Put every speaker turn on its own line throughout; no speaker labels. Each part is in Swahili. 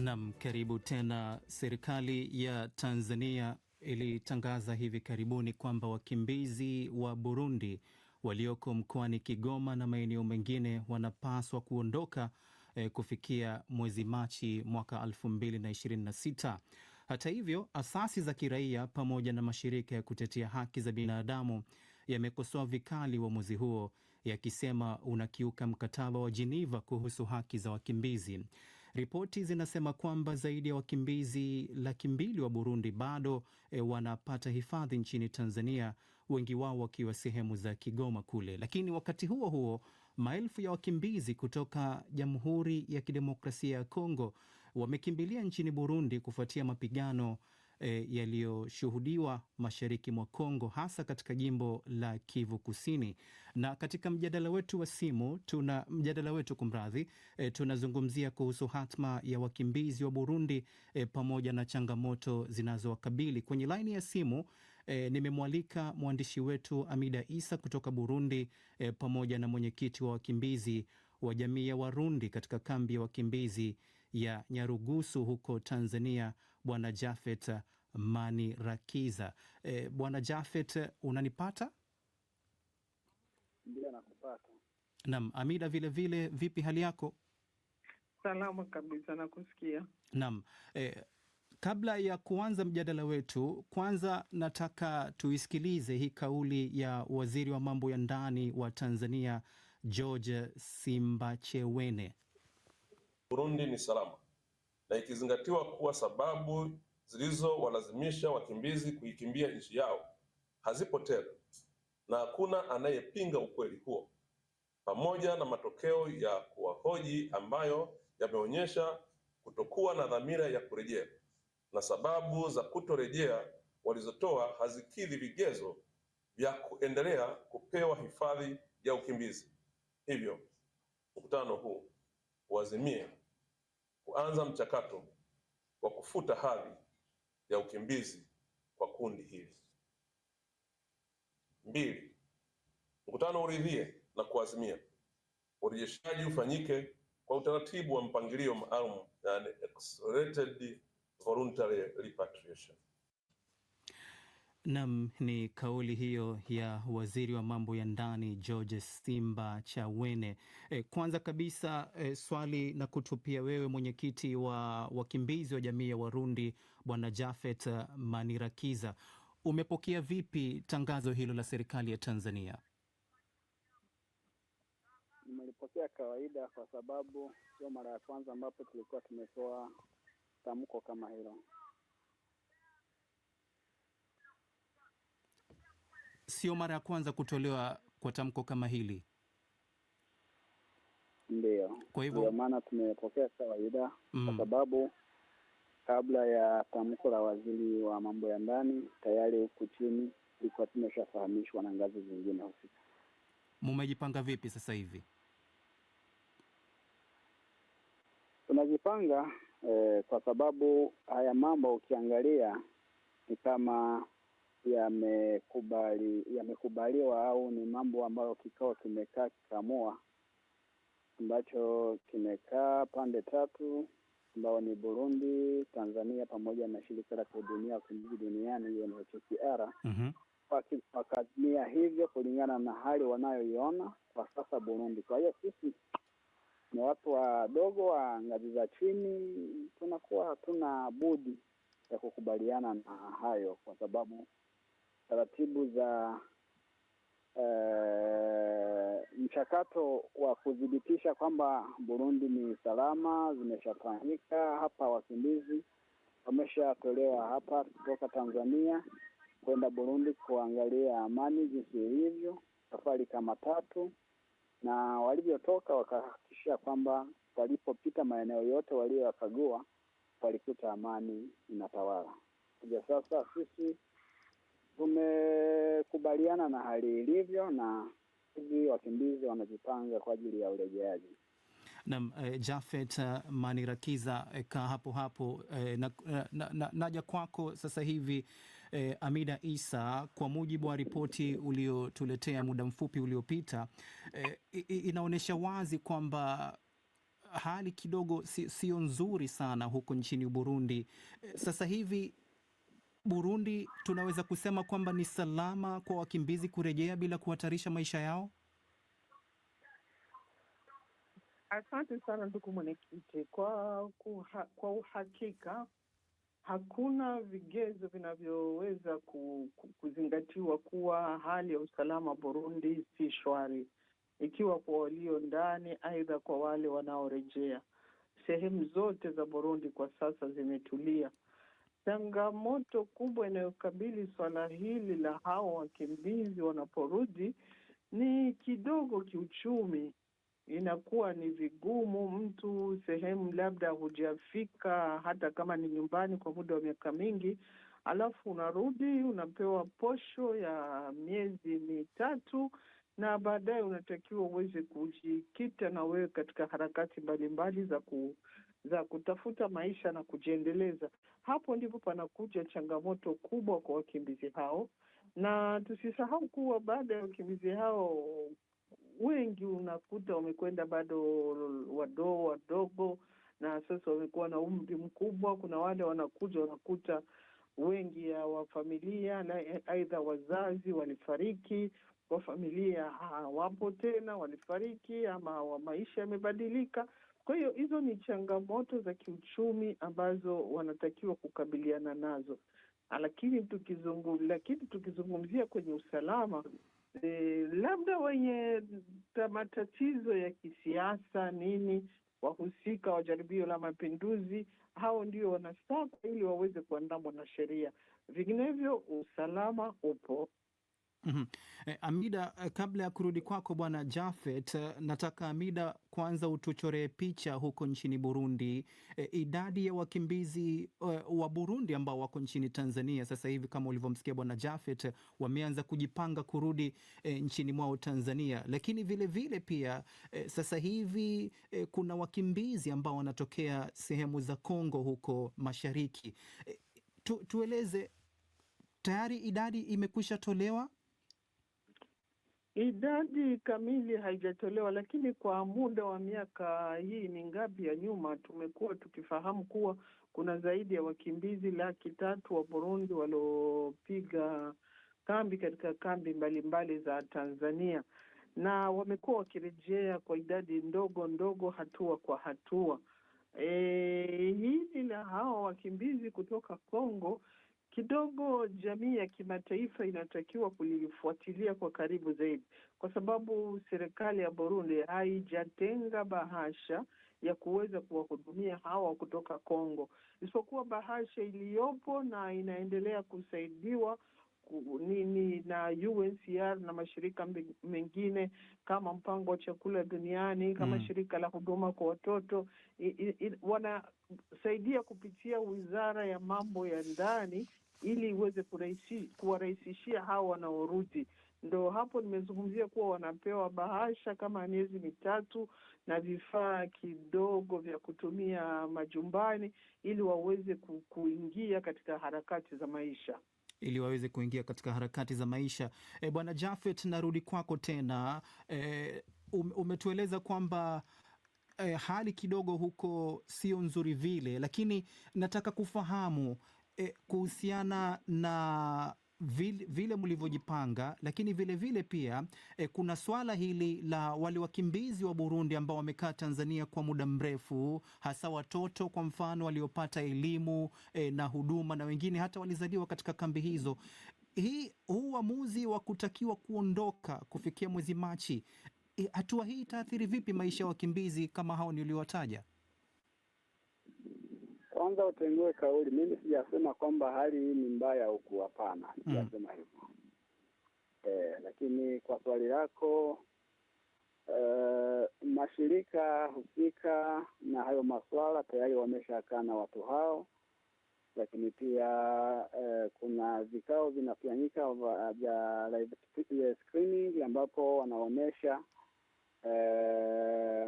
Nam, karibu tena. Serikali ya Tanzania ilitangaza hivi karibuni kwamba wakimbizi wa Burundi walioko mkoani Kigoma na maeneo mengine wanapaswa kuondoka eh, kufikia mwezi Machi mwaka 2026. Hata hivyo, asasi za kiraia pamoja na mashirika ya kutetea haki za binadamu yamekosoa vikali uamuzi huo yakisema unakiuka mkataba wa Geneva kuhusu haki za wakimbizi. Ripoti zinasema kwamba zaidi ya wakimbizi laki mbili wa Burundi bado e, wanapata hifadhi nchini Tanzania, wengi wao wakiwa sehemu za Kigoma kule. Lakini wakati huo huo, maelfu ya wakimbizi kutoka Jamhuri ya Kidemokrasia ya Kongo wamekimbilia nchini Burundi kufuatia mapigano e, yaliyoshuhudiwa mashariki mwa Kongo hasa katika jimbo la Kivu Kusini. Na katika mjadala wetu wa simu tuna mjadala wetu kumradhi, e, tunazungumzia kuhusu hatma ya wakimbizi wa Burundi e, pamoja na changamoto zinazowakabili. Kwenye laini ya simu e, nimemwalika mwandishi wetu Amida Isa kutoka Burundi e, pamoja na mwenyekiti wa wakimbizi wa jamii ya Warundi katika kambi ya wakimbizi ya Nyarugusu huko Tanzania Bwana Jafet Rakiza. E, Bwana Jafet, unanipata?
Ndio, nakupata.
Naam, Amida vilevile, vile, vipi hali yako?
Salama kabisa, nakusikia.
Naam, e, kabla ya kuanza mjadala wetu, kwanza nataka tuisikilize hii kauli ya waziri wa mambo ya ndani wa Tanzania George Simbachawene.
Burundi ni salama na ikizingatiwa kuwa sababu zilizowalazimisha wakimbizi kuikimbia nchi yao hazipo tena na hakuna anayepinga ukweli huo, pamoja na matokeo ya kuwahoji ambayo yameonyesha kutokuwa na dhamira ya kurejea na sababu za kutorejea walizotoa hazikidhi vigezo vya kuendelea kupewa hifadhi ya ukimbizi. Hivyo mkutano huu uazimie kuanza mchakato wa kufuta hadhi ya ukimbizi kwa kundi hili. Mbili, mkutano uridhie na kuazimia urejeshaji ufanyike kwa utaratibu wa mpangilio maalum, yani accelerated voluntary repatriation.
Nam, ni kauli hiyo ya waziri wa mambo ya ndani George Simba Chawene. E, kwanza kabisa e, swali na kutupia wewe mwenyekiti wa wakimbizi wa jamii ya Warundi Bwana Jafet eh, Manirakiza, umepokea vipi tangazo hilo la serikali ya Tanzania?
Nimelipokea kawaida, kwa sababu sio mara ya kwanza ambapo tulikuwa tumetoa tamko kama hilo.
sio mara ya kwanza kutolewa kwa tamko kama hili. ndio kwa hivyo
maana tumepokea kawaida mm, kwa sababu kabla ya tamko la waziri wa mambo ya ndani tayari huku chini tulikuwa tumeshafahamishwa na ngazi zingine husika.
Mumejipanga vipi sasa hivi?
Tunajipanga eh, kwa sababu haya mambo ukiangalia ni kama yamekubali yamekubaliwa au ni mambo ambayo kikao kimekaa kikamua ambacho kimekaa pande tatu ambao ni Burundi, Tanzania pamoja na shirika la kuhudumia wakimbizi duniani UNHCR mhm. wakatumia hivyo kulingana na hali wanayoiona kwa sasa Burundi. Kwa hiyo sisi ni watu wadogo wa ngazi za chini, tunakuwa hatuna budi ya kukubaliana na hayo, kwa sababu taratibu za e, mchakato wa kuthibitisha kwamba Burundi ni salama zimeshafanyika hapa. Wakimbizi wameshatolewa hapa kutoka Tanzania kwenda Burundi kuangalia amani jinsi ilivyo, safari kama tatu, na walivyotoka wakahakikisha kwamba walipopita maeneo yote walioyakagua walikuta amani inatawala. Kwa sasa sisi Tumekubaliana na hali ilivyo, na hivi wakimbizi wanajipanga kwa ajili ya urejeaji.
nam eh, Jafet uh, Manirakiza eh, ka hapo hapo eh, na, eh, na, na, naja kwako sasa hivi eh, Amida Isa, kwa mujibu wa ripoti uliotuletea muda mfupi uliopita eh, inaonyesha wazi kwamba hali kidogo sio si nzuri sana huko nchini Burundi eh, sasa hivi Burundi tunaweza kusema kwamba ni salama kwa wakimbizi kurejea bila kuhatarisha maisha yao?
Asante sana ndugu mwenyekiti. Kwa, kwa uhakika hakuna vigezo vinavyoweza ku, ku, kuzingatiwa kuwa hali ya usalama Burundi si shwari, ikiwa kwa walio ndani, aidha kwa wale wanaorejea. Sehemu zote za Burundi kwa sasa zimetulia. Changamoto kubwa inayokabili swala hili la hawa wakimbizi wanaporudi ni kidogo kiuchumi, inakuwa ni vigumu. Mtu sehemu labda hujafika, hata kama ni nyumbani kwa muda wa miaka mingi, alafu unarudi unapewa posho ya miezi mitatu na baadaye unatakiwa uweze kujikita na wewe katika harakati mbalimbali mbali za ku za kutafuta maisha na kujiendeleza. Hapo ndipo panakuja changamoto kubwa kwa wakimbizi hao, na tusisahau kuwa baada ya wakimbizi hao wengi unakuta wamekwenda bado wadoo wadogo, na sasa wamekuwa na umri mkubwa. Kuna wale wanakuja wanakuta wengi ya wafamilia na aidha wazazi walifariki, wafamilia hawapo tena, walifariki ama wa maisha yamebadilika. Kwa hiyo hizo ni changamoto za kiuchumi ambazo wanatakiwa kukabiliana nazo, lakini tukizungu, lakini tukizungumzia kwenye usalama e, labda wenye matatizo ya kisiasa nini, wahusika wa jaribio la mapinduzi, hao ndio wanastaka ili waweze kuandamwa na sheria, vinginevyo usalama upo
Mm -hmm. Amida, eh, kabla ya kurudi kwako Bwana Jafet, eh, nataka Amida kwanza utuchoree picha huko nchini Burundi. idadi ya wakimbizi wa Burundi ambao wako nchini Tanzania sasa hivi kama ulivyomsikia Bwana Jafet, wameanza kujipanga kurudi nchini mwao Tanzania, lakini vile vile pia sasa hivi kuna wakimbizi ambao wanatokea sehemu za Kongo huko mashariki. tu, tueleze tayari idadi imekwisha tolewa
Idadi kamili haijatolewa, lakini kwa muda wa miaka hii ni ngapi ya nyuma, tumekuwa tukifahamu kuwa kuna zaidi ya wakimbizi laki tatu wa Burundi waliopiga kambi katika kambi mbalimbali mbali za Tanzania, na wamekuwa wakirejea kwa idadi ndogo ndogo, hatua kwa hatua. E, hili la hawa wakimbizi kutoka Kongo kidogo jamii ya kimataifa inatakiwa kulifuatilia kwa karibu zaidi, kwa sababu serikali ya Burundi haijatenga bahasha ya kuweza kuwahudumia hawa kutoka Kongo, isipokuwa bahasha iliyopo na inaendelea kusaidiwa nini na UNHCR na mashirika mengine kama mpango wa chakula duniani kama mm, shirika la huduma kwa watoto wanasaidia kupitia wizara ya mambo ya ndani ili iweze kuwarahisishia hao wanaorudi. Ndo hapo nimezungumzia kuwa wanapewa bahasha kama miezi mitatu na vifaa kidogo vya kutumia majumbani, ili waweze kuingia katika harakati za maisha
ili waweze kuingia katika harakati za maisha. E, Bwana Jafet, narudi kwako tena. E, um, umetueleza kwamba e, hali kidogo huko sio nzuri vile, lakini nataka kufahamu e, kuhusiana na vile, vile mlivyojipanga, lakini vile vile pia e, kuna swala hili la wale wakimbizi wa Burundi ambao wamekaa Tanzania kwa muda mrefu, hasa watoto kwa mfano waliopata elimu e, na huduma na wengine hata walizaliwa katika kambi hizo. Hii huu uamuzi wa kutakiwa kuondoka kufikia mwezi Machi, e, hatua e, hii itaathiri vipi maisha ya wakimbizi kama hao niliowataja?
Kwanza utengue kauli. Mimi sijasema kwamba hali hii ni mbaya huku, hapana, mm. sijasema mm. hivyo eh, lakini kwa swali lako eh, mashirika husika na hayo maswala tayari wameshakana na watu hao, lakini pia eh, kuna vikao vinafanyika vya live screening ambapo wanaonyesha Eh,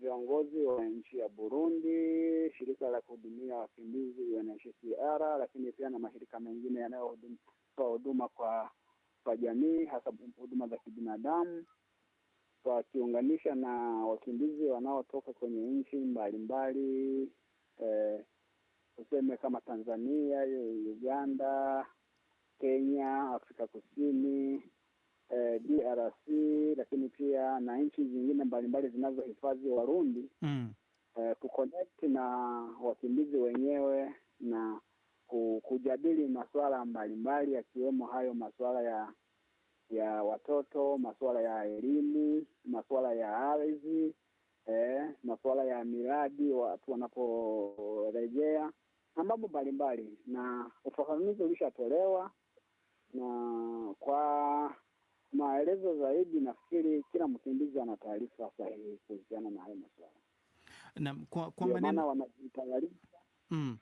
viongozi wa nchi ya Burundi, shirika la kuhudumia wakimbizi UNHCR, lakini pia na mashirika mengine yanayotoa huduma kwa kwa jamii, hasa huduma za kibinadamu, wakiunganisha na wakimbizi wanaotoka kwenye nchi mbalimbali eh, tuseme kama Tanzania, Uganda, Kenya, Afrika Kusini eh, DRC lakini pia na nchi zingine mbalimbali zinazohifadhi Warundi mm. eh, kuconnect na wakimbizi wenyewe na kujadili masuala mbalimbali yakiwemo hayo masuala ya ya watoto, masuala ya elimu, masuala ya ardhi eh, masuala ya miradi watu wanaporejea na mambo mbalimbali, na ufafanuzi ulishatolewa na kwa maelezo zaidi, nafikiri kila mkimbizi ana taarifa sahihi kuhusiana na hayo masuala,
na kwa kwa maana
wanajitayarisha, mm.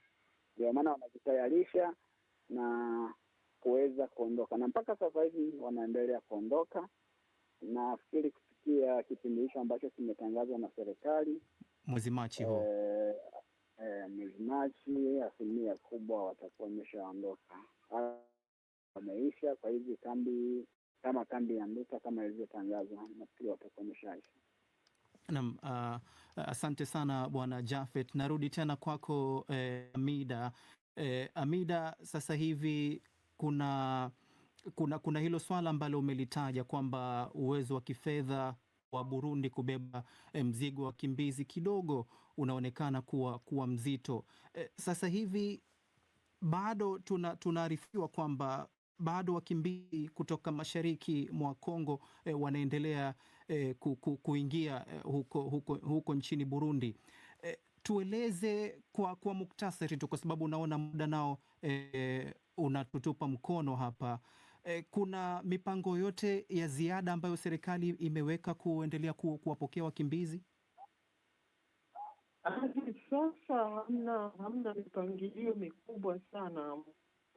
ndio maana wanajitayarisha na kuweza kuondoka, na mpaka sasa hivi wanaendelea kuondoka. Nafikiri kufikia kipindi hicho ambacho kimetangazwa na serikali
mwezi Machi huu e,
eh, e, eh, mwezi Machi, asilimia kubwa watakuwa wameshaondoka wameisha. Kwa hivyo kambi kama kambi ya Nduta kama ilivyotangazwa, nafikiri watakuwa wameshaisha.
Naam, uh, asante sana Bwana Jafet, narudi tena kwako eh, Amida eh, Amida, sasa hivi kuna kuna kuna hilo swala ambalo umelitaja kwamba uwezo wa kifedha wa Burundi kubeba eh, mzigo wa wakimbizi kidogo unaonekana kuwa, kuwa mzito eh, sasa hivi bado tuna tunaarifiwa kwamba bado wakimbizi kutoka mashariki mwa Kongo e, wanaendelea e, ku, ku, kuingia e, huko, huko, huko nchini Burundi e, tueleze kwa, kwa muktasari tu kwa sababu unaona muda nao e, unatutupa mkono hapa e, kuna mipango yote ya ziada ambayo serikali imeweka kuendelea ku, kuwapokea wakimbizi?
Hadi sasa hamna, hamna mipangilio mikubwa sana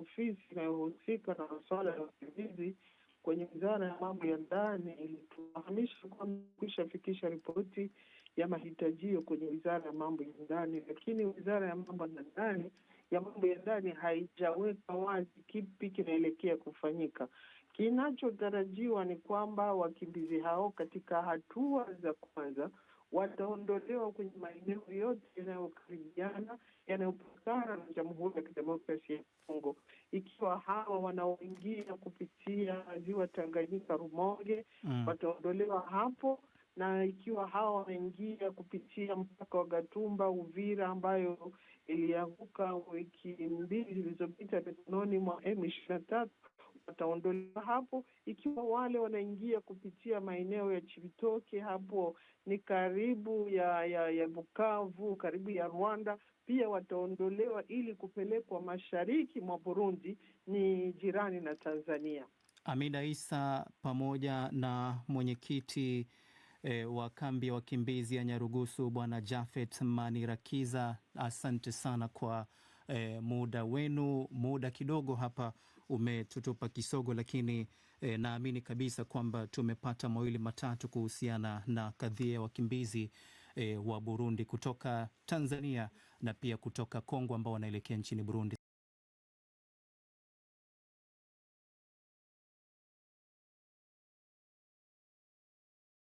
ofisi inayohusika na masuala ya wakimbizi kwenye wizara ya mambo ya ndani ilitufahamisha kwamba kuishafikisha ripoti ya mahitajio kwenye wizara ya mambo ya ndani, lakini wizara ya mambo ya ndani ya mambo ya ndani haijaweka wazi kipi kinaelekea kufanyika. Kinachotarajiwa ni kwamba wakimbizi hao katika hatua za kwanza wataondolewa kwenye maeneo yote yanayokaribiana yanayopakana na Jamhuri ya Kidemokrasia ya Kongo, ikiwa hawa wanaoingia kupitia ziwa Tanganyika, Rumonge mm. wataondolewa hapo, na ikiwa hawa wanaingia kupitia mpaka wa Gatumba, Uvira ambayo ilianguka wiki mbili zilizopita mikononi mwa M ishirini na tatu wataondolewa hapo, ikiwa wale wanaingia kupitia maeneo ya Chibitoke hapo ni karibu ya, ya, ya Bukavu karibu ya Rwanda pia wataondolewa ili kupelekwa mashariki mwa Burundi, ni jirani na Tanzania.
Amina Isa pamoja na mwenyekiti E, wa kambi ya wakimbizi ya Nyarugusu Bwana Jafet Manirakiza, asante sana kwa e, muda wenu. Muda kidogo hapa umetutupa kisogo, lakini e, naamini kabisa kwamba tumepata mawili matatu kuhusiana na kadhia ya wakimbizi e, wa Burundi kutoka Tanzania na pia kutoka Kongo ambao wanaelekea nchini Burundi.